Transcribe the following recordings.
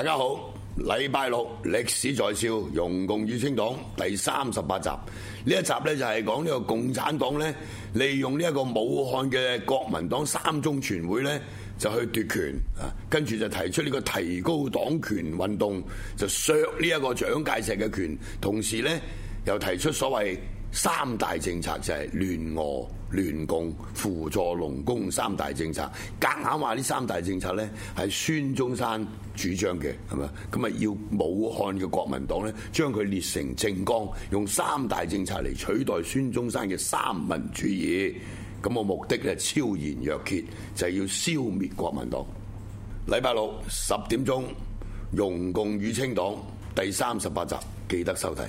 大家好，禮拜六歷史在笑，容共與清黨第三十八集。呢一集呢，就係講呢個共產黨呢，利用呢一個武漢嘅國民黨三中全會呢，就去奪權啊，跟住就提出呢個提高黨權運動，就削呢一個蔣介石嘅權，同時呢，又提出所謂。三大政策就係、是、聯俄聯共輔助農工三大政策，夾硬話呢三大政策呢係孫中山主張嘅，係咪？咁啊要武漢嘅國民黨呢將佢列成政綱，用三大政策嚟取代孫中山嘅三民主義。咁個目的咧超然若揭，就係、是、要消滅國民黨。禮拜六十點鐘《容共與清黨》第三十八集，記得收睇。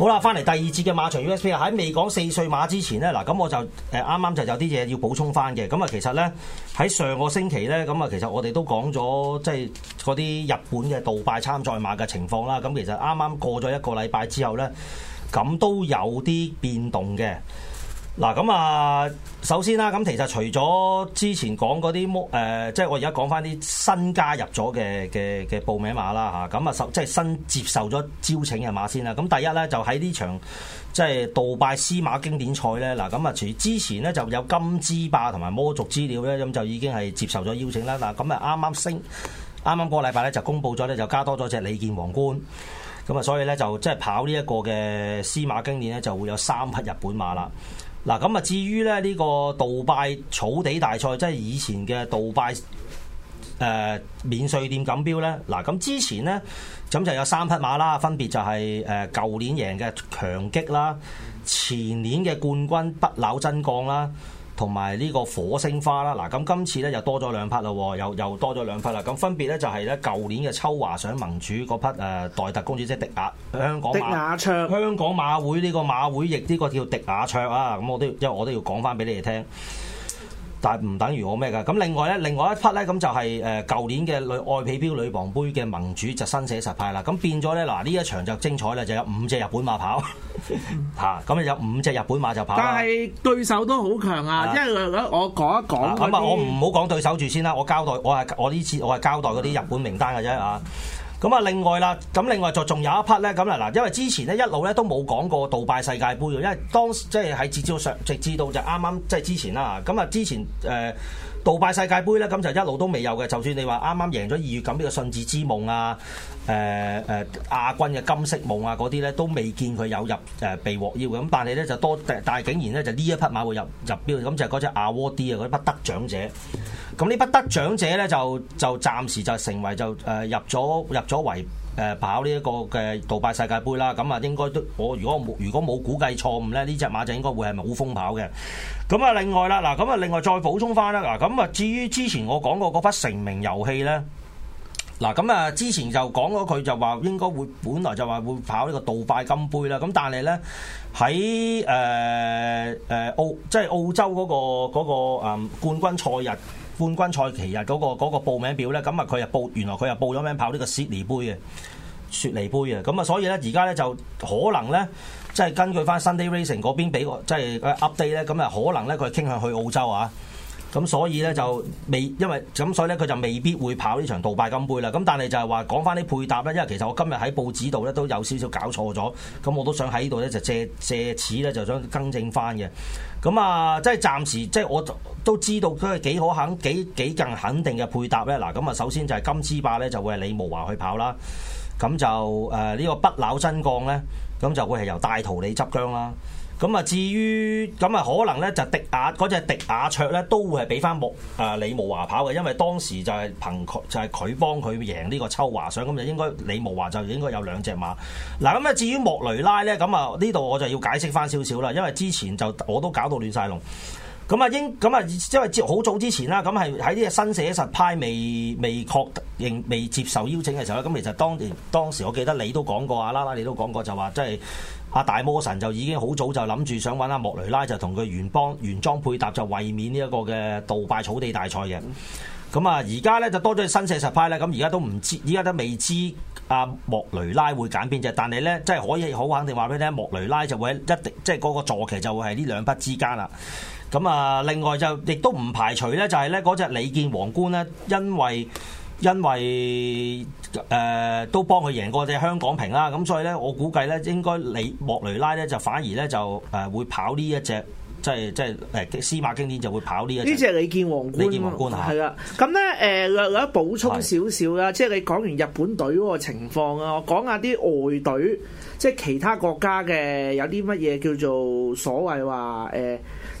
好啦，翻嚟第二節嘅馬場 USB 啊！喺未講四歲馬之前呢，嗱咁我就誒啱啱就有啲嘢要補充翻嘅。咁啊，其實呢，喺上個星期呢，咁啊，其實我哋都講咗即係嗰啲日本嘅杜拜參賽馬嘅情況啦。咁其實啱啱過咗一個禮拜之後呢，咁都有啲變動嘅。嗱咁啊，首先啦，咁其實除咗之前講嗰啲魔誒，即係我而家講翻啲新加入咗嘅嘅嘅報名馬啦嚇，咁啊，即係新接受咗招請嘅馬先啦。咁第一咧就喺呢場即係杜拜司馬經典賽咧，嗱咁啊，除之前呢就有金之霸同埋魔族資料咧，咁就已經係接受咗邀請啦。嗱咁啊，啱啱升啱啱個禮拜咧就公佈咗咧，就加多咗隻李健皇冠，咁啊，所以咧就即係跑呢一個嘅司馬經典咧就會有三匹日本馬啦。嗱，咁啊至於咧呢個杜拜草地大賽，即係以前嘅杜拜誒、呃、免稅店錦標呢。嗱，咁之前呢，咁就有三匹馬啦，分別就係誒舊年贏嘅強擊啦，前年嘅冠軍不朽真鋼啦。同埋呢個火星花啦，嗱，咁今次呢又多咗兩匹啦，又又多咗兩匹啦。咁分別呢就係呢舊年嘅秋華賞盟主嗰匹誒代特公主，即迪亞香港馬，迪亞卓香港馬會呢個馬會亦呢個叫迪亞卓啊。咁我都因為我都要講翻俾你哋聽。但唔等於我咩噶？咁另外咧，另外一匹咧，咁就係誒舊年嘅女愛彼錶女皇盃嘅盟主就新寫實派啦。咁變咗咧，嗱呢一場就精彩啦，就有五隻日本馬跑嚇，咁 有五隻日本馬就跑。但係對手都好強啊，啊，因為我講一講咁啊，我唔好講對手住先啦，我交代我係我呢次我係交代嗰啲日本名單嘅啫嚇。啊 咁啊，另外啦，咁另外就仲有一 part 咧，咁啊，嗱，因為之前咧一路咧都冇講過杜拜世界盃，啊，因為當時即係喺截招上直至到，到，到就啱啱即係之前啦，咁啊之前誒。呃杜拜世界盃咧，咁就一路都未有嘅。 就算你話啱啱贏咗二月咁呢個信子之夢啊，誒、呃、誒亞軍嘅金色夢啊嗰啲咧，都未見佢有入誒、呃、被獲邀嘅。咁但係咧就多，但係竟然咧就呢一匹馬會入入、入標，咁就嗰隻亞沃啲啊嗰啲不得獎者。咁呢不得獎者咧就就暫時就成為就誒入咗入咗圍。誒跑呢一個嘅杜拜世界盃啦，咁啊應該都我如果冇如果冇估計錯誤咧，呢隻馬就應該會係冇風跑嘅。咁啊另外啦，嗱咁啊另外再補充返啦，嗱咁啊至於之前我講過嗰匹成名遊戲咧，嗱咁啊之前就講咗佢就話應該會，本來就話會跑呢個杜拜金杯啦。咁但係咧喺誒誒澳即係澳洲嗰個嗰個誒冠軍賽日。冠軍賽期日嗰個嗰個報名表咧，咁啊佢又報，原來佢又報咗名跑呢個雪梨杯嘅，雪梨杯啊，咁啊所以咧而家咧就可能咧，即係根據翻 Sunday Racing 嗰邊俾我即係 update 咧，咁啊可能咧佢傾向去澳洲啊。咁、嗯、所以咧就未，因為咁、嗯、所以咧佢就未必會跑呢場杜拜金杯啦。咁但係就係話講翻啲配搭咧，因為其實我今日喺報紙度咧都有少少搞錯咗，咁我都想喺呢度咧就借藉此咧就想更正翻嘅。咁啊，即係暫時即係我都知道佢係幾可肯幾幾更肯定嘅配搭咧。嗱，咁啊首先就係金絲霸咧就會係李慕華去跑啦。咁就誒呢、呃這個不朽真鋼咧，咁就會係由戴圖理執韁啦。咁啊，至於咁啊，可能咧就迪亞嗰隻迪亞卓咧，都會係俾翻莫啊李慕華跑嘅，因為當時就係憑就係、是、佢幫佢贏呢個秋華賞，咁就應該李慕華就應該有兩隻馬。嗱，咁啊，至於莫雷拉咧，咁啊呢度我就要解釋翻少少啦，因為之前就我都搞到亂晒龍。咁啊，英咁啊，因為好早之前啦，咁係喺啲新寫實派未未確認、未接受邀請嘅時候咧，咁其實當年當時我記得你都講過阿拉拉你都講過就話，即係阿大魔神就已經好早就諗住想揾阿莫雷拉就同佢原幫原裝配搭，就衛冕呢一個嘅杜拜草地大賽嘅。咁啊，而家咧就多咗新四十派啦。咁而家都唔知，而家都未知阿莫雷拉會揀邊隻，但係咧，即係可以好肯定話俾你聽，莫雷拉就會一定即係嗰個坐騎就會係呢兩匹之間啦。咁啊，另外就亦都唔排除咧，就係咧嗰隻李健皇冠咧，因為因為誒都幫佢贏過隻香港瓶啦。咁所以咧，我估計咧應該李莫雷拉咧就反而咧就誒會跑呢一隻。即係即係誒，司馬經典就會跑呢一，呢隻李健王冠，李健王冠嚇，係啊的。咁咧誒，略略補充少少啦。即係你講完日本隊嗰個情況啊，我講下啲外隊，即係其他國家嘅有啲乜嘢叫做所謂話誒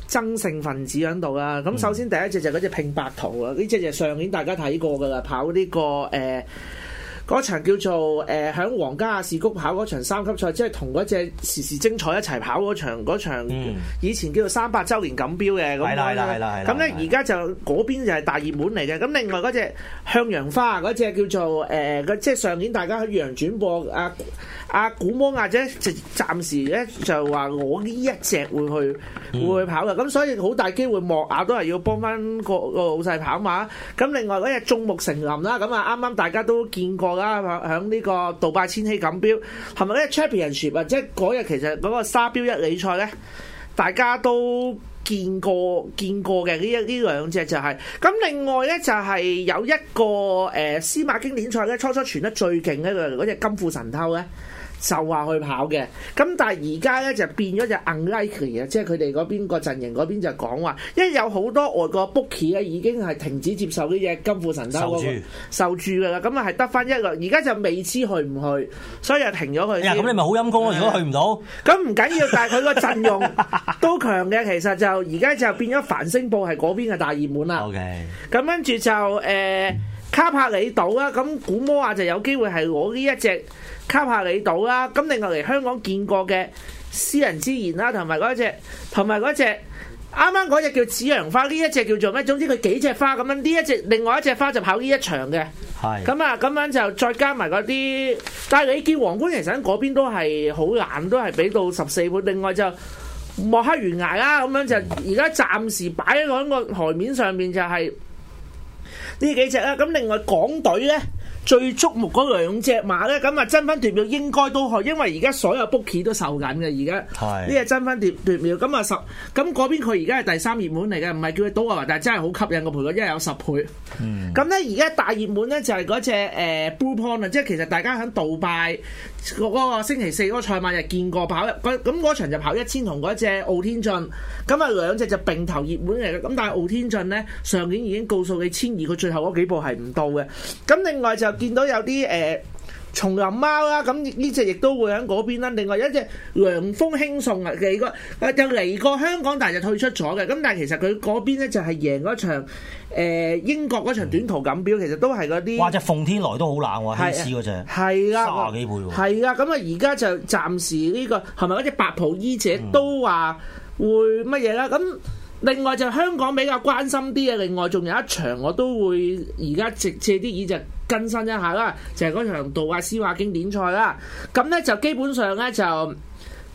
爭勝分子喺度啦。咁首先第一隻就嗰隻拼白圖啊，呢隻就上年大家睇過噶啦，跑呢、呢個誒。呃嗰場叫做誒喺皇家亞士谷跑嗰場三級賽，即係同嗰隻時時精彩一齊跑嗰場嗰場，場以前叫做三百周年錦標嘅，係啦係啦係啦係啦。咁咧而家就嗰邊就係大熱門嚟嘅。咁另外嗰隻向陽花嗰隻叫做誒、呃，即係上年大家喺羊轉播阿阿、啊啊、古摩亞姐，就暫時咧就話我呢一隻會去會去跑嘅。咁所以好大機會莫亞都係要幫翻個個老細跑馬。咁另外嗰隻眾木成林啦，咁啊啱啱大家都見過。啦，響呢個杜拜千禧錦標，係咪咧 Championship，即係嗰日其實嗰個沙錦一哩賽咧，大家都見過見過嘅呢一呢兩隻就係，咁另外咧就係有一個誒，司馬經典賽咧，初初傳得最勁嘅，嗰隻金庫神偷咧。受下去跑嘅，咁但係而家咧就變咗隻 unlikely 嘅，即係佢哋嗰邊個陣營嗰邊就講話，因為有好多外國 bookie 咧已經係停止接受呢隻金富神刀嗰、那個、受住嘅啦，咁啊係得翻一個，而家就未知去唔去，所以就停咗佢。哎、啊，咁你咪好陰功咯，如果去唔到，咁唔緊要，但係佢個陣容都強嘅， 其實就而家就變咗繁星報係嗰邊嘅大熱門啦。OK，咁跟住就誒、欸、卡帕里島啦，咁古魔啊就有機會係我呢一隻。卡帕里島啦，咁另外嚟香港見過嘅私人之言啦，同埋嗰隻，同埋嗰隻，啱啱嗰隻叫紫陽花，呢一隻叫做咩？總之佢幾隻花咁樣，呢一隻，另外一隻花就跑呢一場嘅。係是。咁啊，咁樣就再加埋嗰啲，但係你見皇冠其實喺嗰邊都係好難，都係俾到十四倍。另外就莫黑懸崖啦，咁樣就而家暫時擺喺個台面上面就係呢幾隻啦、啊。咁另外港隊咧？最觸目嗰兩隻馬咧，咁啊爭分奪秒應該都可，因為而家所有 bookie 都受緊嘅，而家呢啲係爭分奪奪秒。咁啊十咁嗰邊佢而家係第三熱門嚟嘅，唔係叫佢賭啊，但係真係好吸引個賠率，因為有十倍。咁咧而家大熱門咧就係嗰隻誒 Blue Point 啊，即係其實大家喺杜拜嗰、嗰個星期四嗰個賽馬日見過跑咁咁嗰場就跑一千同嗰隻傲天進，咁啊兩隻就並頭熱門嚟嘅。咁但係傲天進咧上年已經告訴你千二，佢最後嗰幾步係唔到嘅。咁另外就～見到有啲誒叢林貓啦，咁呢隻亦都會喺嗰邊啦。另外有一隻涼風輕送啊，嚟過就嚟過香港，但係就退出咗嘅。咁但係其實佢嗰邊咧就係贏嗰場、呃、英國嗰場短途錦標，其實都係嗰啲哇，隻奉天來都好冷喎，輕視嗰隻，卅幾倍喎，係啊，咁啊而家、啊啊、就暫時呢、呢個係咪嗰隻白袍醫者都話會乜嘢啦？咁另外就香港比較關心啲嘅，另外仲有一場，我都會而家直藉啲耳仔。更新一下啦，就係、是、嗰場杜拜司馬經典賽啦。咁咧就基本上咧就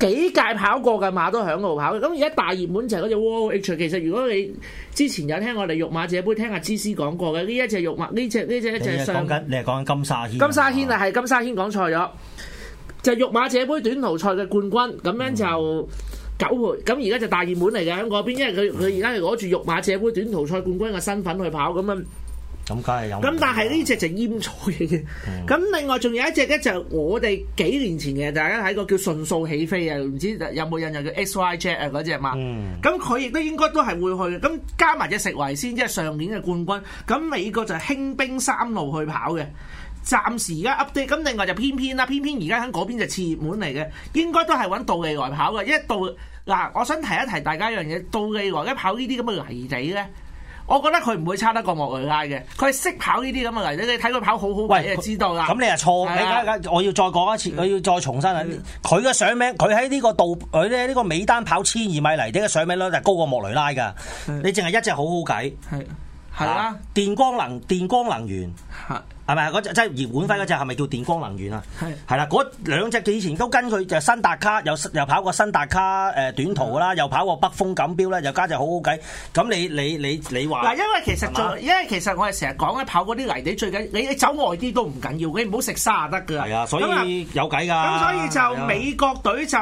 幾屆跑過嘅馬都響度跑。咁而家大熱門就係嗰隻 Roy H。其實如果你之前有聽我哋玉馬姐杯聽阿芝師講過嘅，呢一隻玉馬呢隻呢隻呢隻。一隻你係講緊，你係講緊金沙軒。金沙軒啊，係金沙軒講錯咗，就玉、是、馬姐杯短途賽嘅冠軍。咁樣就九倍。咁而家就大熱門嚟嘅喺嗰邊，因為佢佢而家係攞住玉馬姐杯短途賽冠軍嘅身份去跑咁樣。咁梗係有、啊，咁但係呢隻就煙草嚟嘅。咁、嗯、另外仲有一隻咧，就我哋幾年前嘅，大家喺個叫迅速起飛啊，唔知有冇印象叫 X Y Jet 啊嗰隻嘛。咁佢亦都應該都係會去。咁加埋隻食為先，即係上年嘅冠軍。咁美國就興兵三路去跑嘅。暫時而家 update。咁另外就偏偏啦，偏偏而家喺嗰邊次熱門嚟嘅，應該都係揾杜利來跑嘅。因為杜嗱，我想提一提大家一樣嘢，杜利來一跑呢啲咁嘅泥地咧。我覺得佢唔會差得過莫雷拉嘅，佢識跑呢啲咁嘅嚟，你睇佢跑好好，你知道啦。咁你又錯的你，我要再講一次，我要再重新佢嘅上名，佢喺呢個道，佢咧呢個尾單跑千二米嚟，呢個上名率就高過莫雷拉噶。的你淨係一隻好好計，係係啦，啊、電光能電光能源。係咪？嗰隻即係葉冠輝嗰隻，係咪叫電光能源啊？係係啦，嗰兩隻佢以前都跟佢就新達卡，又又跑過新達卡誒短途啦，又跑過北風錦標咧，又加隻好好計。咁你你你你話嗱，因為其實最，因為其實我係成日講咧，跑嗰啲泥地最緊，你你走外啲都唔緊要，你唔好食沙啊得噶啦。係啊，所以有計噶。咁所以就美國隊就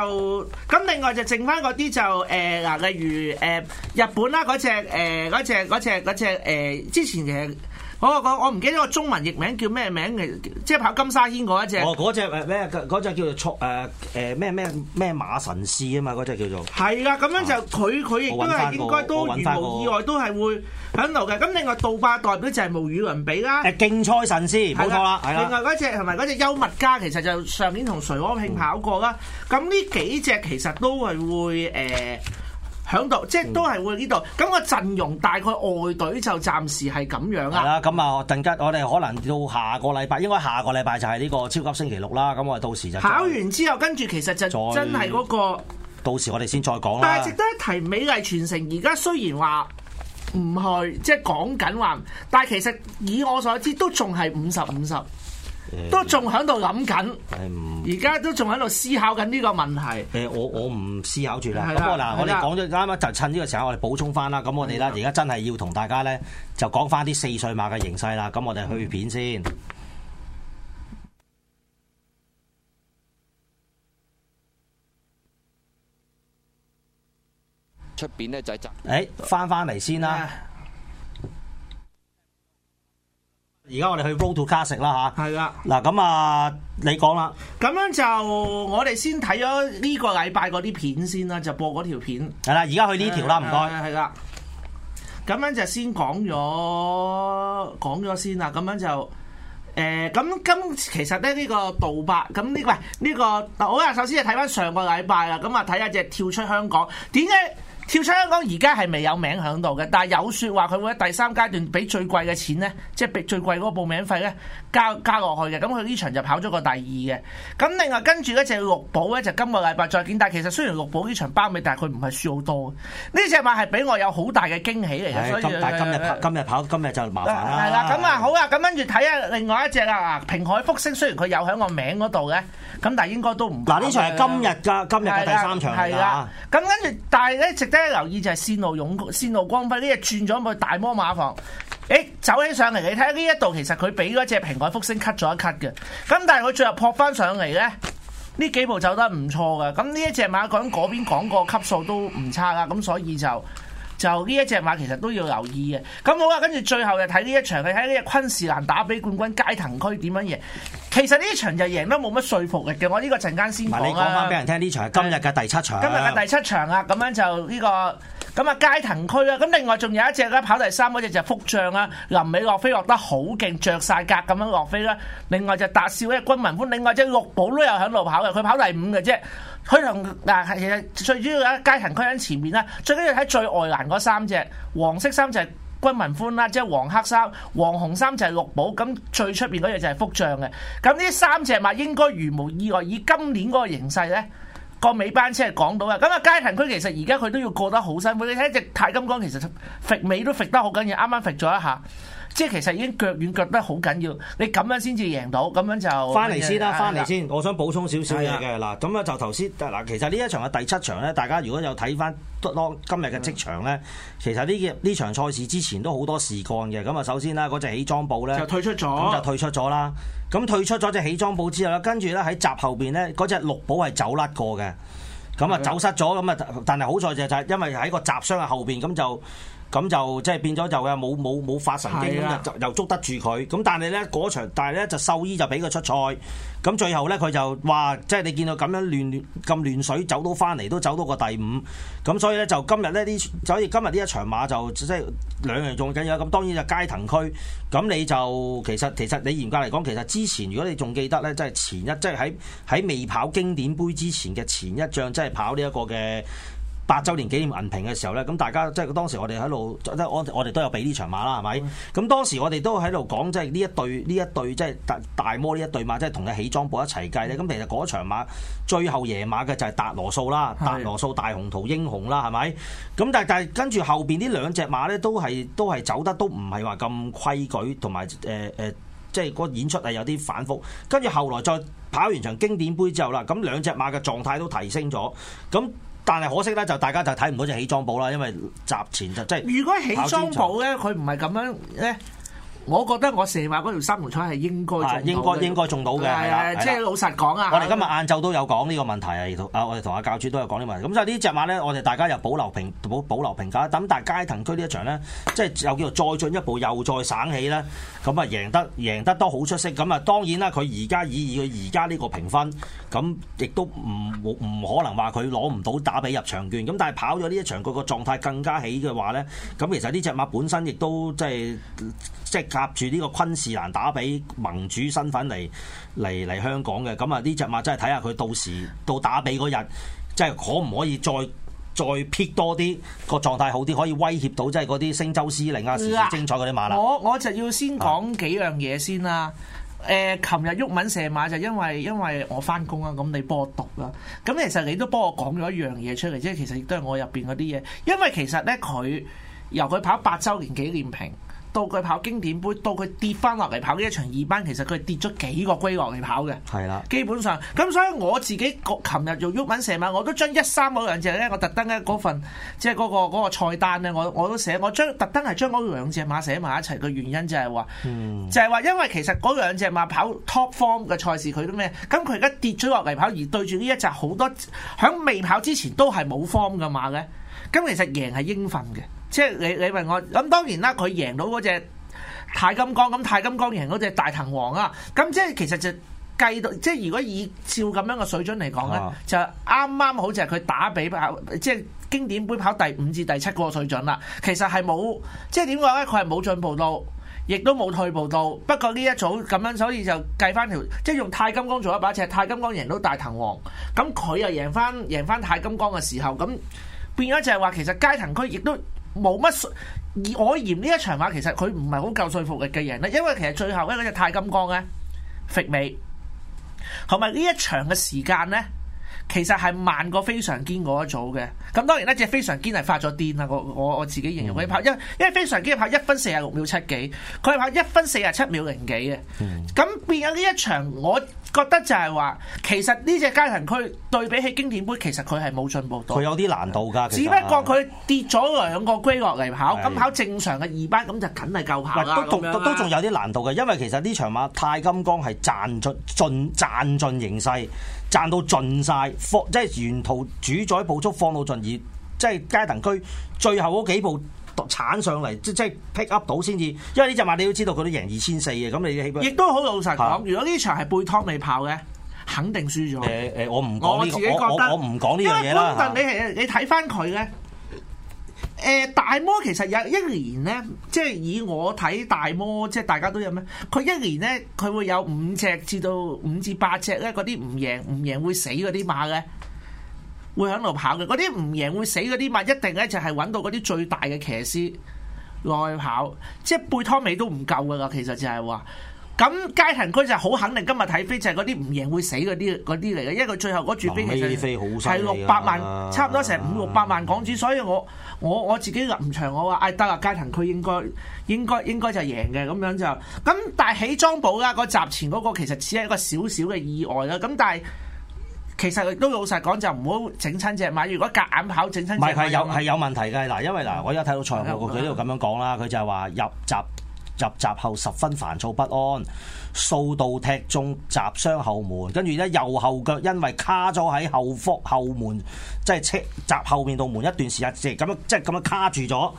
咁，另外就剩翻嗰啲就誒嗱，例如誒日本啦，嗰隻誒嗰隻嗰隻嗰隻誒之前嘅，我我我我唔記得個中文譯名。叫咩名嘅？即係跑金沙軒嗰一隻。哦，嗰隻誒咩？嗰隻叫做錯誒咩咩咩馬神師啊嘛，嗰隻叫做。係啦，咁樣就佢佢亦都係應該都如無意外都係會響留嘅。咁另外杜拜代表就係無與倫比啦。誒競賽神師，冇錯啦。另外嗰隻同埋嗰隻幽默家，其實就上年同徐安慶跑過啦。咁呢、嗯、幾隻其實都係會誒。呃喺度，即係都係會呢度。咁個陣容大概外隊就暫時係咁樣啦。係啦，咁啊，陣間我哋可能到下個禮拜，應該下個禮拜就係呢個超級星期六啦。咁我哋到時就考完之後，跟住其實就真係嗰個。到時我哋先再講啦。但係值得一提，美麗傳承而家雖然話唔去，即係講緊話，但係其實以我所知都仲係五十五十。都仲喺度諗緊，而家都仲喺度思考緊呢個問題。誒、欸，我我唔思考住啦。咁的我嗱，的我哋講咗啱啱就趁呢個時候，我哋補充翻啦。咁我哋咧，而家真係要同大家咧，就講翻啲四歲馬嘅形勢啦。咁我哋去片先。出邊咧就係執，誒、欸，翻翻嚟先啦。而家我哋去 Road to Classic 啦吓，係啦的。嗱咁啊，你講啦。咁樣就我哋先睇咗呢個禮拜嗰啲片先啦，就播嗰條片。係啦，而家去呢條啦，唔該。係係啦。咁樣就先講咗講咗先啦。咁樣就誒咁今其實咧呢、呢個杜拜咁呢？喂，呢、呢個好啦，首先啊，睇翻上個禮拜啦。咁啊睇下隻跳出香港點解？跳出香港而家係未有名響度嘅，但係有說話佢會喺第三階段俾最貴嘅錢咧，即係俾最貴嗰個報名費咧。加加落去嘅，咁佢呢場就跑咗個第二嘅。咁另外跟住一隻綠寶咧，就今、是、個禮拜再見。但係其實雖然綠寶呢場包尾，但係佢唔係輸好多。呢隻馬係俾我有好大嘅驚喜嚟嘅。但係今日跑，的跑，今日跑，今日就麻煩啦。係啦，咁啊好啊，咁跟住睇下另外一隻啊，平海福星雖然佢有喺我名嗰度嘅，咁但係應該都唔嗱呢場係今日㗎，今日嘅第三場㗎。係啦，咁跟住，但係咧值得留意就係線路勇線路光輝呢隻轉咗去大摩馬房。誒、欸，走起上嚟，你睇下呢一度，其實佢俾嗰隻平海福星 cut 咗一 cut 嘅，咁但係佢最後撲翻上嚟咧，呢幾步走得唔錯嘅，咁呢一隻馬講嗰邊講個級數都唔差啦，咁所以就就呢一隻馬其實都要留意嘅。咁好啦，跟住最後就睇呢一場，你睇呢隻昆士蘭打比冠軍佳騰駒點樣贏。其實呢場就贏得冇乜説服力嘅。我呢個陣間先講啊。嗱，講翻俾人聽，呢場係今日嘅第七場。欸、今日嘅第七場啊，咁、嗯、樣就呢個。咁啊，佳騰駒啦，咁另外仲有一隻咧，跑第三嗰隻就係福將啦，臨尾落飛落得好勁，着晒格咁樣落飛啦。另外就達少咧，軍民歡另外隻綠寶都有響度跑嘅，佢跑第五嘅啫。佢同嗱係啊，最主要喺佳騰駒喺前面啦。最緊要喺最外欄嗰三隻，黃色衫就係軍民歡啦，即係黃黑衫、黃紅衫就係綠寶。咁最出邊嗰隻就係福將嘅。咁呢三隻咪應該如無意外，以今年嗰個形勢咧。個尾班車係講到嘅。咁啊，街亭區其實而家佢都要過得好辛苦。你睇隻太金剛，其實甩尾都甩得好緊要，啱啱甩咗一下，即係其實已經腳軟腳得好緊要，你咁樣先至贏到，咁樣就翻嚟先啦，翻嚟、哎、呀先。的我想補充少少嘢嘅嗱，咁啊就頭先嗱，其實呢一場係第七場咧，大家如果有睇翻今日嘅即場咧，嗯、其實呢呢場賽事之前都好多事幹嘅。咁啊，首先啦，嗰隻起莊部咧就退出咗，就退出咗啦。咁退出咗隻起裝保之後咧，跟住咧喺閘後邊咧，嗰隻綠寶係走甩過嘅，咁啊走失咗，咁啊但係好在就就係因為喺個閘箱嘅後邊，咁就。咁就即係變咗就嘅冇冇冇發神經咁就又捉得住佢，咁但係咧嗰場，但係咧就獸醫就俾佢出賽，咁最後咧佢就話即係你見到咁樣亂亂咁亂水走到翻嚟都走到個第五，咁所以咧就今日呢啲所以今日呢一場馬就即係、就是、兩樣重要嘅咁，當然就佳騰駒，咁你就其實其實你嚴格嚟講，其實之前如果你仲記得咧，即、就、係、是、前一即係喺喺未跑經典杯之前嘅前一仗，即、就、係、是、跑呢一個嘅。八周年紀念銀瓶嘅時候呢，咁大家即係當時我哋喺度，即係我哋都有俾呢場馬啦，係咪？咁、嗯、當時我哋都喺度講，即係呢一對呢一對即係大摩呢一對馬，即係同佢起裝部一齊計咧。咁其實嗰場馬最後贏馬嘅就係達羅素啦，達羅素大雄圖英雄啦，係咪？咁但係但係跟住後邊呢兩隻馬呢，都係都係走得都唔係話咁規矩，同埋誒誒，即係個演出係有啲反覆。跟住後來再跑完場經典杯之後啦，咁兩隻馬嘅狀態都提升咗，咁。但係可惜咧，就大家就睇唔到隻起裝寶啦，因為集前就即係。如果起裝寶咧，佢唔係咁樣咧。我覺得我四碼嗰條三門彩係應該中到嘅，應該應該中到嘅，係啊！即係老實講啊，我哋今日晏晝都有講呢個問題啊的，我哋同阿教主都有講呢個問題。咁就呢隻馬咧，我哋大家又保留評保保留評價。等但係佳騰駒呢一場咧，即係又叫做再進一步又再省起啦。咁啊贏得贏得都好出色。咁啊當然啦，佢而家以以佢而家呢個評分，咁亦都唔冇唔可能話佢攞唔到打比入場券。咁但係跑咗呢一場佢個狀態更加起嘅話咧，咁其實呢隻馬本身亦都即係即係。夾住呢個昆士蘭打比盟主身份嚟嚟嚟香港嘅，咁啊呢隻馬真係睇下佢到時到打比嗰日，即係可唔可以再再 pick 多啲個狀態好啲，可以威脅到即係嗰啲星州司令啊，時時精彩嗰啲馬啦。我我就要先講幾樣嘢先啦、啊。誒是，琴、呃、日毓民射馬就因為因為我翻工啊，咁你幫我讀啦、啊。咁其實你都幫我講咗一樣嘢出嚟，即係其實亦都係我入邊嗰啲嘢，因為其實咧佢由佢跑八周年紀念瓶。到佢跑經典杯，到佢跌翻落嚟跑呢一場二班，其實佢跌咗幾個龜落嚟跑嘅。係啦，基本上咁，所以我自己琴日又喐緊成晚，我都將一三嗰兩隻咧，我特登咧嗰份即係嗰個嗰個菜單咧，我我都寫，我將特登係將嗰兩隻馬寫埋一齊嘅原因就係話，嗯、就係話因為其實嗰兩隻馬跑 top form 嘅賽事佢都咩，咁佢而家跌咗落嚟跑，而對住呢一集好多喺未跑之前都係冇 form 嘅馬嘅。咁其實贏係應份嘅。即係你你問我，咁當然啦，佢贏到嗰隻太金剛，咁太金剛贏嗰隻大藤王啊，咁即係其實就計到，即係如果以照咁樣嘅水準嚟講咧，啊、就啱啱好似係佢打比，即係經典杯跑第五至第七個水準啦。其實係冇，即係點講咧？佢係冇進步到，亦都冇退步到。不過呢一組咁樣，所以就計翻條，即係用太金剛做一把尺，太金剛贏到大藤王，咁佢又贏翻贏翻太金剛嘅時候，咁變咗就係話其實佳騰駒亦都。冇乜，我嫌呢一場話其實佢唔係好夠說服力嘅人咧，因為其實最後咧嗰隻太金剛咧，肥尾，同埋呢一場嘅時間咧，其實係慢過非常堅嗰一組嘅。咁當然咧，隻非常堅係發咗癲啦，我我我自己形容佢跑，因、嗯、因為非常堅係跑一分四十六秒七幾，佢係跑一分四十七秒零幾嘅。咁變咗呢一場我。覺得就係話，其實呢隻佳騰駒對比起經典杯，其實佢係冇進步到。佢有啲難度㗎，的實只不過佢跌咗兩個 grade 落嚟跑。咁的跑正常嘅二班咁就梗係夠跑啦。都樣都仲有啲難度嘅，因為其實呢場馬泰金剛係賺盡賺盡賺盡形勢，賺到盡晒，放，即係、就是、沿途主宰步速放到盡，而即係佳騰駒最後嗰幾步，剷上嚟即即 pick up 到先至，因為呢隻馬你要知道佢都贏二千四嘅，咁你亦都好老實講，如果呢場係貝湯美跑嘅，肯定輸咗。誒誒、呃呃，我唔我我自己覺得我唔講呢樣嘢啦。嚇，你係你睇翻佢咧，誒、呃、大摩其實有一年咧，即係以我睇大摩，即係大家都有咩？佢一年咧，佢會有五隻至到五至八隻咧，嗰啲唔贏唔贏會死嗰啲馬嘅。會響度跑嘅，嗰啲唔贏會死嗰啲，咪一定咧就係、是、搵到嗰啲最大嘅騎師內跑，即係背拖尾都唔夠噶啦。其實就係話，咁佳騰駒就好肯定，今日睇飛就係嗰啲唔贏會死嗰啲啲嚟嘅，因為佢最後嗰注飛其實係六百萬，差唔多成五六百萬港紙，所以我我我自己入場，我話哎得啦，佳騰駒應該應該應該就係贏嘅，咁樣就咁。但係起莊寶家嗰集前嗰個其實只係一個小小嘅意外啦，咁但係。其實佢都老實講，就唔好整親隻馬。如果夾硬，硬跑整親隻馬，係有係有問題嘅。嗱，因為嗱，嗯、因為我而家睇到財務局佢呢度咁樣講啦，佢就係話入閘入閘後十分煩躁不安，數度踢中閘傷後門，跟住咧右後腳因為卡咗喺後腹後門，即係車閘後面道門一段時間，即係咁樣即係咁樣卡住咗。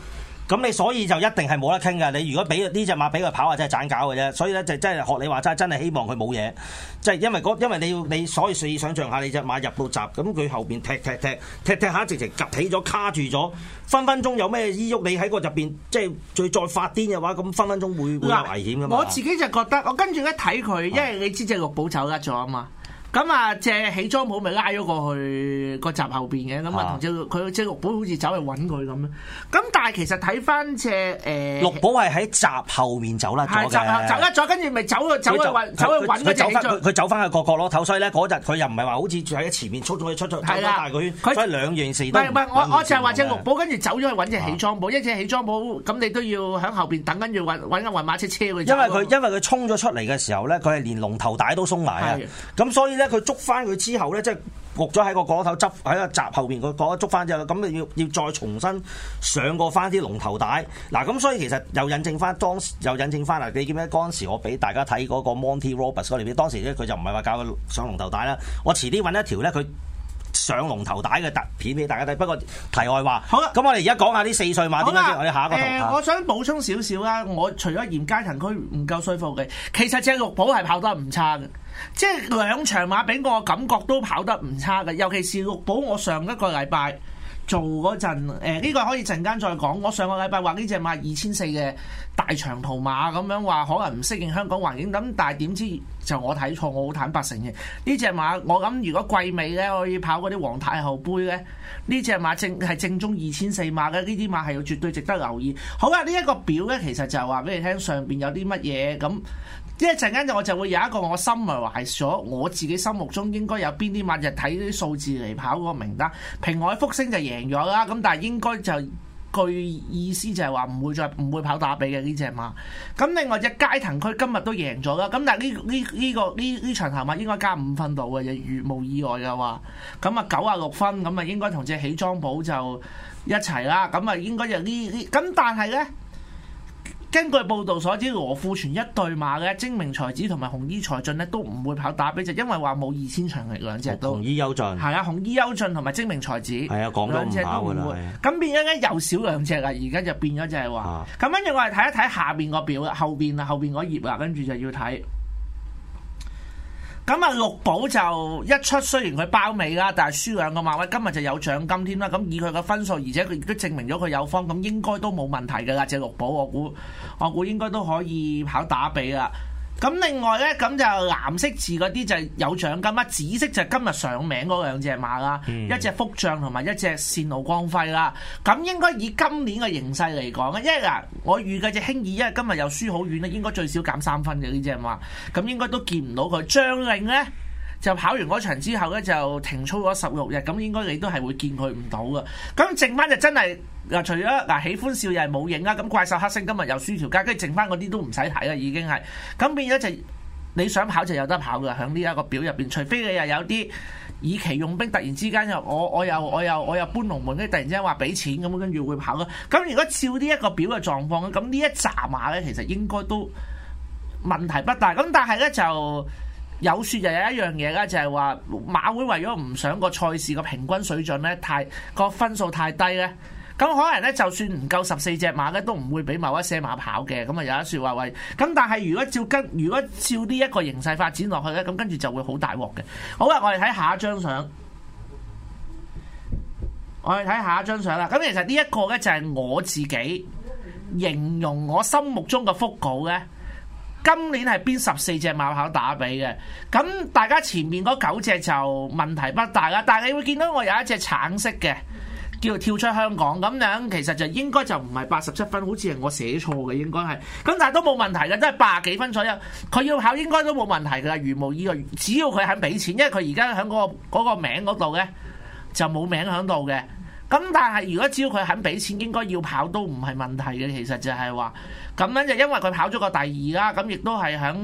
咁你所以就一定係冇得傾噶，你如果俾呢隻馬俾佢跑啊，真係盞搞嘅啫。所以咧就真係學你話齋，真係希望佢冇嘢。即係因為因為你要你可以想像下，你隻馬入到閘，咁佢後邊踢踢踢踢踢下，踢踢直直趌起咗卡住咗，分分鐘有咩依喐？你喺個入邊即係再再發癲嘅話，咁分分鐘會會有危險噶嘛。我自己就覺得，我跟住一睇佢，因為你知隻綠寶走甩咗啊嘛。咁啊，隻起裝舖咪拉咗過去個閘後邊嘅，咁啊同隻佢隻綠寶好似走去揾佢咁啊。咁但係其實睇翻隻誒綠寶係喺閘後面走甩咗嘅，走甩咗，跟住咪走去走去揾，走佢走翻去個角落頭，所以咧嗰日佢又唔係話好似住喺前面速速出出走咗佢，大個圈，走咗兩樣事。唔我我淨係話隻綠寶跟住走咗去揾隻起裝舖，一隻起裝舖咁你都要喺後邊等，緊要揾揾個運馬車車因為佢因為佢衝咗出嚟嘅時候咧，佢係連龍頭帶都鬆埋啊，咁所以佢捉翻佢之後呢，即係焗咗喺個嗰頭執喺個閘後邊個嗰一捉翻之後，咁你要要再重新上過翻啲龍頭帶嗱，咁、啊、所以其實又引證翻當時，又引證翻嗱，你記唔記得嗰陣時我俾大家睇嗰個 Monty Roberts 嗰條片？當時呢佢就唔係話搞佢上龍頭帶啦，我遲啲揾一條呢，佢。上龍頭帶嘅特片俾大家睇，不過題外話。好啦的，咁我哋而家講下啲四歲馬點的樣先，的我哋下一個圖、啊、我想補充少少啦，我除咗嫌佳騰駒唔夠舒服嘅，其實隻綠寶係跑得唔差嘅，即係兩場馬俾我感覺都跑得唔差嘅，尤其是綠寶我上一個禮拜做嗰陣，呢、呃呢個可以陣間再講。我上個禮拜話呢隻馬二千四嘅大長途馬咁樣話，可能唔適應香港環境。咁但係點知就我睇錯，我好坦白承認呢隻馬。我諗如果季尾呢可以跑嗰啲皇太后杯呢，呢隻馬正係正宗二千四馬嘅呢啲馬係要絕對值得留意。好啊，呢、呢、一個表呢，其實就話俾你聽上邊有啲乜嘢咁。一陣間我就會有一個我心懷咗我自己心目中應該有邊啲馬，就睇、是、啲數字嚟跑嗰個名單。平海福星就贏咗啦，咁但係應該就據意思就係話唔會再唔會跑打比嘅呢隻馬。咁另外隻佳騰駒今日都贏咗啦，咁但係呢呢呢個呢呢場頭馬應該加五分度嘅，就如無意外嘅話，咁啊九啊六分，咁啊應該同隻起莊寶就一齊啦。咁啊應該就呢呢，咁但係咧。根據報道所知，羅富全一對馬嘅精明才子同埋紅衣才俊咧都唔會跑打比，就因為話冇二千場力兩隻都。紅衣優俊。係啊，紅衣優俊同埋精明才子係啊，兩隻都唔會。咁、啊、變咗而又少兩隻啦，而家就變咗就係話。咁跟住我哋睇一睇下邊個表啦，後邊啊後邊嗰頁啊，跟住就要睇。咁啊，六寶就一出，雖然佢包尾啦，但係輸兩個馬位，今日就有獎金添啦。咁以佢嘅分數，而且佢亦都證明咗佢有方，咁應該都冇問題㗎啦。隻六寶，我估我估應該都可以考打比啦。咁另外呢，咁就藍色字嗰啲就有獎金啦，紫色就今日上名嗰兩隻馬啦，嗯、一隻福將同埋一隻線路光輝啦。咁應該以今年嘅形勢嚟講，因為嗱，我預計隻興爾，因為今日又輸好遠啦，應該最少減三分嘅呢隻馬，咁應該都見唔到佢。將令呢，就跑完嗰場之後咧，就停操咗十六日，咁應該你都係會見佢唔到嘅。咁剩翻就真係嗱，除咗嗱喜歡笑又係冇影啦。咁怪獸黑星今日又輸條街，跟住剩翻嗰啲都唔使睇啦，已經係。咁變咗就係、你想跑就有得跑嘅，喺呢一個表入邊。除非你又有啲以奇用兵，突然之間又我我又我又我又，我又搬龍門，跟住突然之間話俾錢咁，跟住會跑咯。咁如果照呢一個表嘅狀況咧，咁呢一紮馬咧其實應該都問題不大。咁但係咧就。有説就有一樣嘢啦，就係話馬會為咗唔想個賽事個平均水準咧太個分數太低咧，咁可能咧就算唔夠十四隻馬咧，都唔會俾某一些馬跑嘅，咁啊有一説話喂，咁但係如果照跟如果照呢一個形勢發展落去咧，咁跟住就會好大鑊嘅。好啦，我哋睇下一張相，我哋睇下一張相啦。咁其實呢一個咧就係我自己形容我心目中嘅福稿咧。今年係邊十四隻馬考打比嘅？咁大家前面嗰九隻就問題不大啦。但係你會見到我有一隻橙色嘅，叫做跳出香港咁樣，其實就應該就唔係八十七分，好似係我寫錯嘅，應該係。咁但係都冇問題嘅，都係八幾分左右。佢要考應該都冇問題嘅，如無意外，只要佢肯俾錢，因為佢而家喺嗰個嗰個名嗰度呢，就冇名喺度嘅。咁但係如果只要佢肯俾錢，應該要跑都唔係問題嘅。其實就係話咁樣，就因為佢跑咗個第二啦。咁亦都係響誒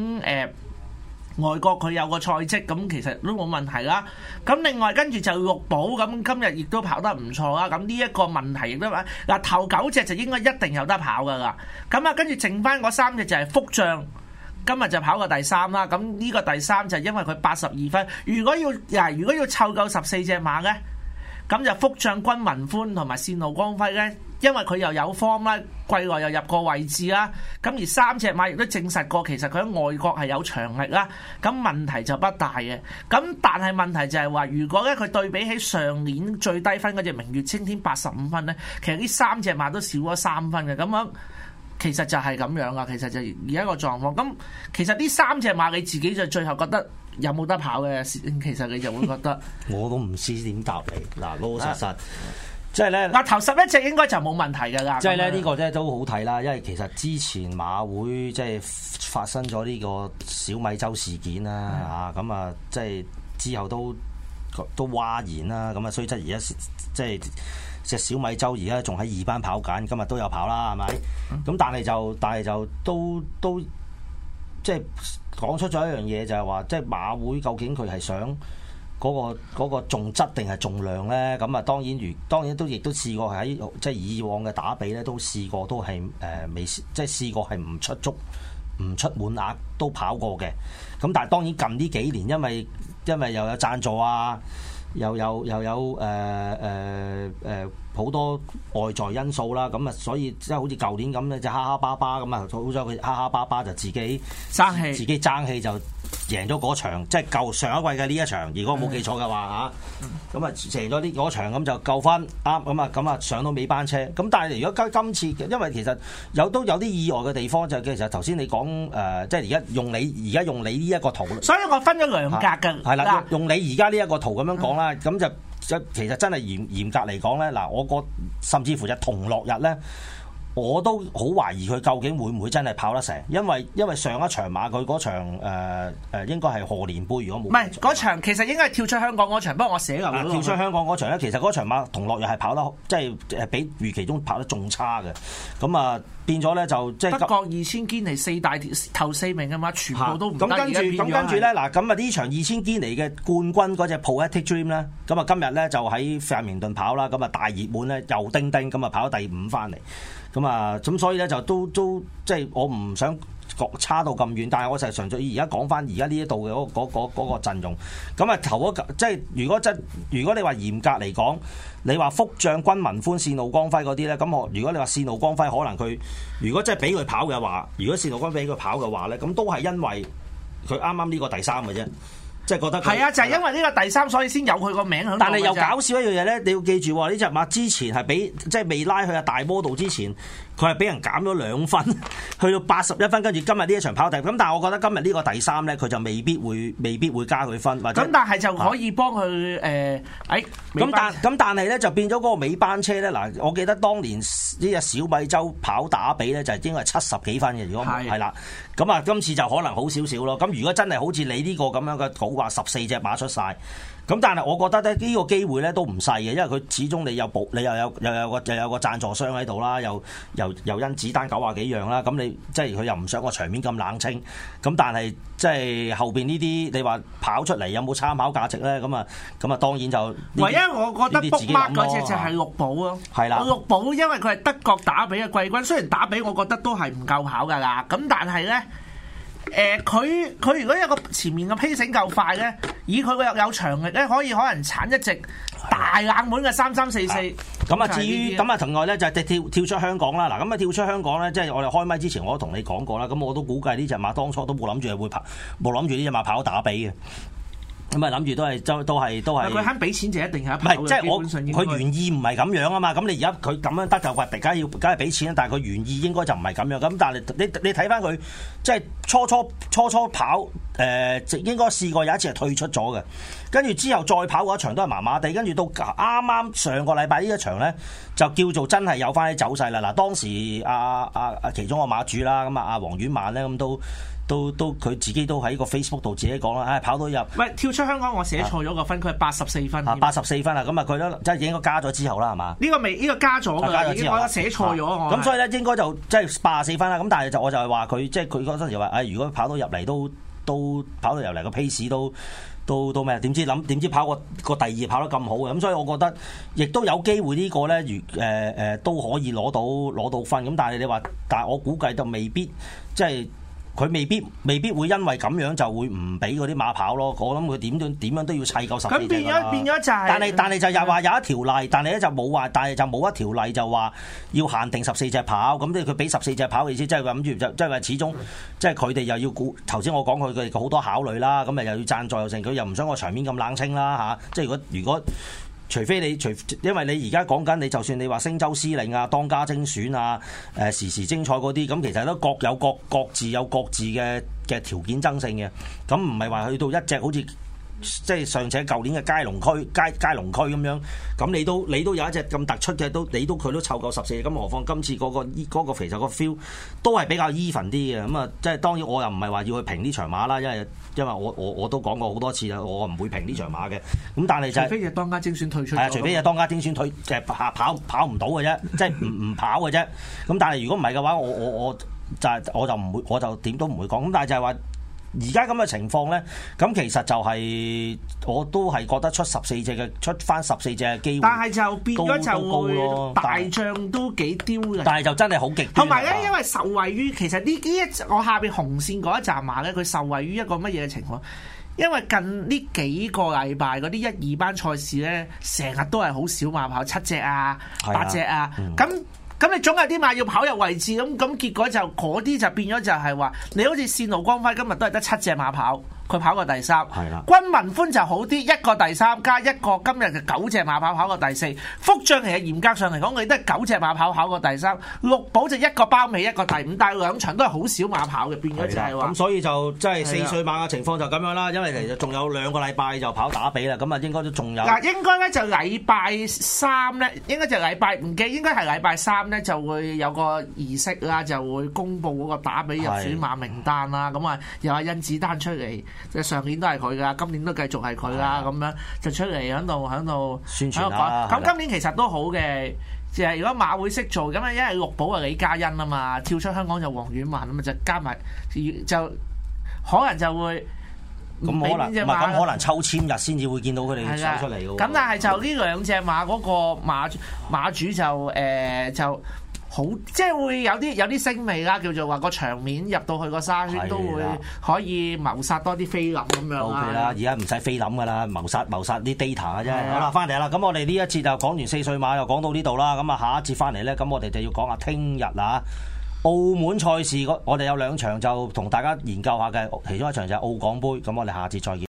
外國佢有個賽績，咁其實都冇問題啦。咁另外跟住就玉寶咁，今日亦都跑得唔錯啦。咁呢一個問題亦都話嗱，頭九隻就應該一定有得跑噶啦。咁啊跟住剩翻嗰三隻就係福將，今日就跑過第三啦。咁呢個第三就係因為佢八十二分，如果要嗱，如果要湊夠十四隻馬呢。咁就福將軍民歡同埋線路光輝呢，因為佢又有方啦，貴內又入過位置啦，咁而三隻馬亦都證實過其實佢喺外國係有長力啦，咁問題就不大嘅。咁但係問題就係話，如果咧佢對比起上年最低分嗰隻明月青天八十五分呢，其實呢三隻馬都少咗三分嘅，咁樣。其實就係咁樣噶，其實就而家個狀況。咁其實呢三隻馬你自己就最後覺得有冇得跑嘅？其實你就會覺得， 我都唔知點答你。嗱，老老實實，即係咧，頭十一隻應該就冇問題噶啦。即係咧呢個咧都好睇啦，因為其實之前馬會即係發生咗呢個小米洲事件啦，啊咁、嗯、啊，即係之後都都嘩然啦，咁啊，所以即係。就是隻小米周而家仲喺二班跑緊，今日都有跑啦，係咪？咁但係就但係就都都即係講出咗一樣嘢，就係話即係馬會究竟佢係想嗰個嗰個重質定係重量咧？咁啊，當然如當然都亦都試過喺即係以往嘅打比咧，都試過都係誒、呃、未即係試過係唔出足唔出滿額都跑過嘅。咁但係當然近呢幾年，因為因為又有贊助啊。又有又有誒誒誒。好多外在因素啦，咁啊，所以即係好似舊年咁咧，就哈哈巴巴咁啊，好彩佢哈哈巴巴就自己爭氣，自己爭氣就贏咗嗰場，即係舊上一季嘅呢一場，如果我冇記錯嘅話吓，咁啊、嗯，贏咗呢嗰場咁就夠分啱，咁啊，咁啊上到尾班車。咁但係如果今次，因為其實有都有啲意外嘅地方，就是、其實頭先你講誒、呃，即係而家用你而家用你呢一個圖。所以我分咗兩格嘅。係啦、啊，嗯、用你而家呢一個圖咁樣講啦，咁就。其實真係嚴嚴格嚟講咧，嗱，我個甚至乎就同樂日咧。我都好懷疑佢究竟會唔會真係跑得成，因為因為上一場馬佢嗰場誒誒、呃、應該係賀年杯，如果冇唔係嗰場其實應該跳出香港嗰場，不過我寫噶跳出香港嗰場咧，其實嗰場馬同樂又係跑得即係誒比預期中跑得仲差嘅咁啊，變咗咧就即係、就是、德國二千堅尼四大頭四名吖嘛，全部都唔得咁，跟住咁跟住咧嗱，咁啊，呢場二千堅尼嘅冠軍嗰隻 Poetic Dream 咧咁啊，今日咧就喺弗明頓跑啦，咁啊大熱門咧又叮叮咁啊跑咗第五翻嚟。咁啊，咁、嗯、所以咧就都都即係我唔想國差到咁遠，但係我就係純粹而家講翻而家呢一度嘅嗰嗰個陣容。咁啊，頭嗰即係如果真如果你話嚴格嚟講，你話福將軍民歡，線路光輝嗰啲咧，咁我如果你話線路光輝，可能佢如果真係俾佢跑嘅話，如果線路光俾佢跑嘅話咧，咁都係因為佢啱啱呢個第三嘅啫。即係覺得係啊，就係、是、因為呢個第三，所以先有佢個名響度。但係又搞笑一樣嘢咧，你要記住喎，呢隻馬之前係俾即係未拉去啊大摩道之前，佢係俾人減咗兩分，去到八十一分。跟住今日呢一場跑第三。咁但係我覺得今日呢個第三咧，佢就未必會，未必會加佢分。或者咁但係就可以幫佢誒，咁、啊哎、但咁但係咧，就變咗嗰個尾班車咧。嗱，我記得當年呢隻小米洲跑打比咧，就係應該係七十幾分嘅。如果係啦。咁啊，今次就可能好少少咯。咁如果真係好似你呢個咁樣嘅土話，十四隻馬出晒。咁但係我覺得咧，呢個機會咧都唔細嘅，因為佢始終你有補，你又有又有個又有，有個贊助商喺度啦，又又又因子單九啊幾樣啦，咁你即係佢又唔想個場面咁冷清。咁但係即係後邊呢啲，你話跑出嚟有冇參考價值咧？咁啊，咁啊當然就唯一我覺得 book mark 就係綠寶咯。係啦，綠寶因為佢係德國打比嘅季軍，雖然打比我覺得都係唔夠考噶啦，咁但係咧。誒佢佢如果有一個前面嘅披繩夠快咧，以佢個有有長力咧，可以可能剷一隻大冷門嘅三三四四。咁啊，至於咁啊，另外咧就係、是、直跳跳出香港啦。嗱，咁啊，跳出香港咧，即係、就是、我哋開麥之前我都同你講過啦。咁我都估計呢隻馬當初都冇諗住係會跑，冇諗住呢隻馬跑打比嘅。咁啊，諗住都係，都都係，都係。佢肯俾錢就一定係唔係，即係、就是、我佢原意唔係咁樣啊嘛。咁你而家佢咁樣得就話，別家要梗係俾錢，但係佢原意應該就唔係咁樣。咁但係你你睇翻佢，即係初初初初跑誒、呃，應該試過有一次係退出咗嘅。跟住之後再跑嗰場都係麻麻地。跟住到啱啱上個禮拜呢一場咧，就叫做真係有翻啲走勢啦。嗱，當時阿阿阿其中個馬主啦，咁啊阿黃婉曼咧，咁都。都都佢自己都喺個 Facebook 度自己講啦，唉、哎、跑到入喂，跳出香港，我寫錯咗個分，佢係八十四分。八十四分啊，咁啊佢都即係應該加咗之後啦，係嘛吧？呢個未呢個加咗㗎，已經覺得寫錯咗咁、啊、是所以咧應該就即係八十四分啦。咁但係就我就係話佢即係佢嗰陣時話，唉、哎、如果跑到入嚟都都跑到入嚟個 pace 都都都咩？點知諗點知跑個個第二跑得咁好，咁所以我覺得亦都有機會個呢個咧，如誒誒都可以攞到攞到分。咁但係你話，但係我估計就未必即係。即佢未必未必會因為咁樣就會唔俾嗰啲馬跑咯，我諗佢點點樣都要砌夠十幾隻，變咗變咗但係但係就又話有一條例，但係咧就冇話，但係就冇一條例就話要限定十四隻跑，咁即係佢俾十四隻跑嘅意思，即係話諗住即係話始終即係佢哋又要顧頭先我講佢佢好多考慮啦，咁誒又要贊助又成。佢又唔想個場面咁冷清啦吓，即係如果如果。如果除非你，除因為你而家講緊你，就算你話星州司令啊、當家精選啊、誒，時時精彩嗰啲，咁其實都各有各各自有各自嘅嘅條件爭勝嘅，咁唔係話去到一隻好似。即係尚且舊年嘅佳龍駒、佳佳龍駒咁樣，咁你都你都有一隻咁突出嘅，都你都佢都湊夠十四，咁何況今次嗰、嗰個依嗰、嗰個其實個 feel 都係比較 even 啲嘅，咁、嗯、啊即係當然我又唔係話要去評呢場馬啦，因為因為我我我都講過好多次啦，我唔會評呢場馬嘅。咁、嗯、但係就係、除非係當家精選退出，係、啊、除非係當家精選退、啊，即係跑跑跑唔到嘅啫，即係唔唔跑嘅啫。咁但係如果唔係嘅話，我我我，我就係我就唔會，我就點都唔會講。咁但係就係話。而家咁嘅情況咧，咁其實就係、是、我都係覺得出十四隻嘅出翻十四隻機會都，但就變咗，就大將都幾刁嘅。但係就真係好極端同埋咧，呢吧因為受惠於其實呢幾日我下邊紅線嗰一紮馬咧，佢受惠於一個乜嘢嘅情況？因為近呢幾個禮拜嗰啲一二班賽事咧，成日都係好少馬跑七隻啊、八隻啊，咁、啊。嗯咁你總有啲馬要跑入位置，咁咁結果就嗰啲就變咗就係話，你好似線路光輝今日都係得七隻馬跑。佢跑過第三，軍民歡就好啲，一個第三加一個今日就九隻馬跑，跑過第四，福將其實嚴格上嚟講，佢得九隻馬跑，跑過第三，六寶就一個包尾一個第五，但係兩場都係好少馬跑嘅，變咗就係話咁，所以就即係四歲馬嘅情況就咁樣啦，因為其實仲有兩個禮拜就跑打比啦，咁啊應該都仲有嗱，應該咧就禮拜三咧，應該就禮拜唔記，應該係禮，禮拜三咧就會有個儀式啦，就會公佈嗰個打比入選馬名單啦，咁啊的又阿甄子丹出嚟。即上年都係佢噶，今年都繼續係佢的啦，咁樣就出嚟喺度，喺度宣傳下。咁今年其實都好嘅，即係的如果馬會識做，咁啊因為六寶啊李嘉欣啊嘛，跳出香港就黃婉曼啊嘛，就加埋就可能就會。咁可能唔係咁，可能抽籤日先至會見到佢哋出嚟咁，但係就呢兩隻馬嗰、嗰個馬馬主就誒、欸、就。好，即係會有啲有啲腥味啦，叫做話個場面入到去個沙圈的都會可以謀殺多啲菲林咁樣，OK 啦，而家唔使菲林噶啦 Okay, 的，謀殺謀殺啲 data 嘅啫。的好啦，翻嚟啦，咁我哋呢一節就講完四歲馬又講到呢度啦。咁啊，下一節翻嚟咧，咁我哋就要講下聽日啊，澳門賽事個我哋有兩場就同大家研究下嘅，其中一場就係澳港杯。咁我哋下次再見。